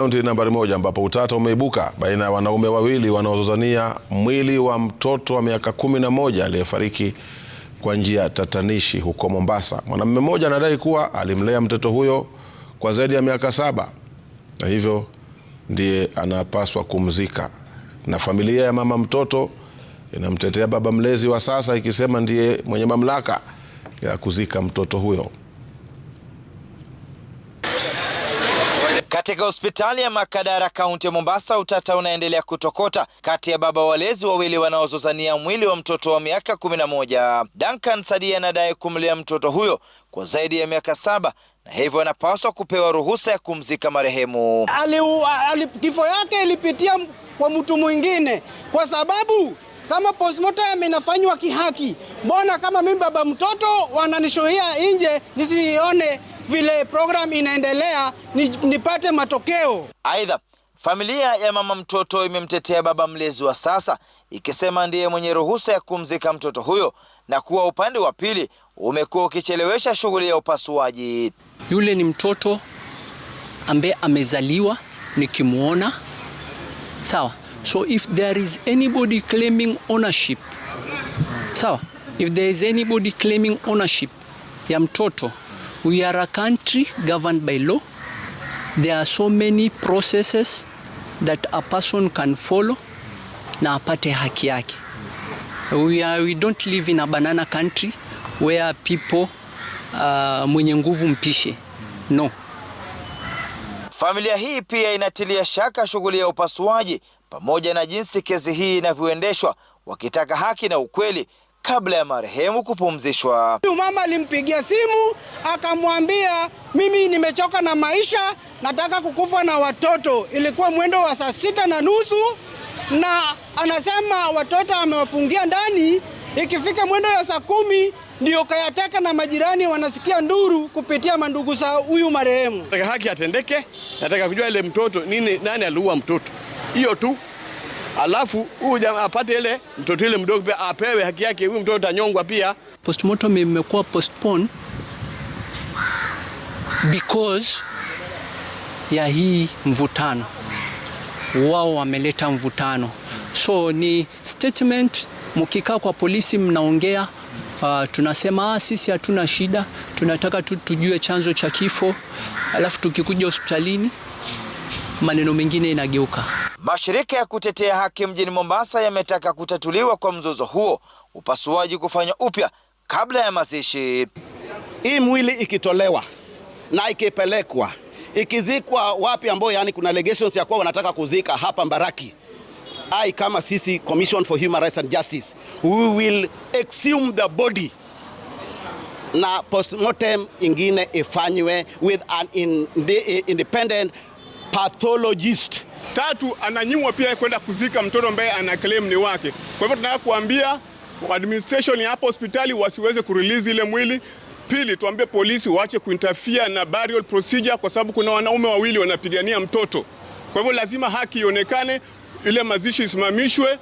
Kaunti nambari moja ambapo utata umeibuka baina ya wanaume wawili wanaozozania mwili wa mtoto wa miaka kumi na moja aliyefariki kwa njia tatanishi huko Mombasa. Mwanamume mmoja anadai kuwa alimlea mtoto huyo kwa zaidi ya miaka saba na hivyo ndiye anapaswa kumzika, na familia ya mama mtoto inamtetea baba mlezi wa sasa ikisema ndiye mwenye mamlaka ya kuzika mtoto huyo. Katika hospitali ya Makadara kaunti ya Mombasa, utata unaendelea kutokota kati ya baba walezi wawili wanaozozania mwili wa mtoto wa miaka kumi na moja. Duncan Sadia anadai kumlea mtoto huyo kwa zaidi ya miaka saba na hivyo anapaswa kupewa ruhusa ya kumzika marehemu. Kifo yake ilipitia kwa mtu mwingine, kwa sababu kama postmortem inafanywa kihaki, mbona kama mimi baba mtoto wananishuhia nje nisione vile program inaendelea nipate matokeo. Aidha, familia ya mama mtoto imemtetea baba mlezi wa sasa ikisema ndiye mwenye ruhusa ya kumzika mtoto huyo na kuwa upande wa pili umekuwa ukichelewesha shughuli ya upasuaji. Yule ni mtoto ambaye amezaliwa nikimwona, sawa. So if there is anybody claiming ownership, sawa, if there is anybody claiming ownership ya mtoto We are a country governed by law. There are so many processes that a person can follow na apate haki yake. We, are, we don't live in a banana country where people uh, mwenye nguvu mpishe. No. Familia hii pia inatilia shaka shughuli ya upasuaji pamoja na jinsi kesi hii inavyoendeshwa wakitaka haki na ukweli kabla ya marehemu kupumzishwa. Huyu mama alimpigia simu akamwambia, mimi nimechoka na maisha, nataka kukufa na watoto. Ilikuwa mwendo wa saa sita na nusu na anasema watoto amewafungia ndani. Ikifika mwendo wa saa kumi ndio kayateka na majirani wanasikia nduru kupitia mandugu za huyu marehemu. Nataka haki atendeke, nataka kujua ile mtoto nini, nani aliua mtoto, hiyo tu alafu huyu apate ile mtoto ile mdogo pia apewe haki yake, huyu mtoto tanyongwa pia. Postmortem imekuwa postpone because ya hii mvutano, wao wameleta mvutano, so ni statement. Mkikaa kwa polisi mnaongea, uh, tunasema ah, sisi hatuna shida, tunataka tu tujue chanzo cha kifo, alafu tukikuja hospitalini maneno mengine inageuka. Mashirika ya kutetea haki mjini Mombasa yametaka kutatuliwa kwa mzozo huo, upasuaji kufanya upya kabla ya mazishi. Hii mwili ikitolewa na ikipelekwa ikizikwa wapi, ambayo yani kuna allegations ya kuwa wanataka kuzika hapa Mbaraki. ai kama sisi Commission for Human Rights and Justice, we will exhume the body na postmortem ingine ifanywe with an independent pathologist. Tatu, ananyimwa pia kwenda kuzika mtoto ambaye ana claim ni wake. Kwa hivyo tunataka kuambia administration ya hapo hospitali wasiweze kurelease ile mwili. Pili, tuambie polisi waache kuinterfere na burial procedure kwa sababu kuna wanaume wawili wanapigania mtoto. Kwa hivyo lazima haki ionekane, ile mazishi isimamishwe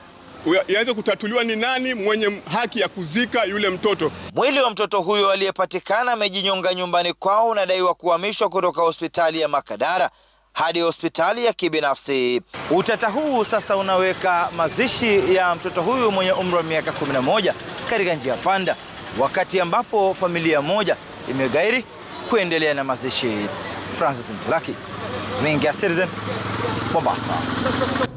ianze kutatuliwa ni nani mwenye haki ya kuzika yule mtoto. Mwili wa mtoto huyo aliyepatikana amejinyonga nyumbani kwao unadaiwa kuhamishwa kutoka hospitali ya Makadara hadi hospitali ya kibinafsi. Utata huu sasa unaweka mazishi ya mtoto huyu mwenye umri wa miaka 11 katika njia panda, wakati ambapo familia moja imegairi kuendelea na mazishi. Francis Mtalaki, Wingi Citizen, Mombasa.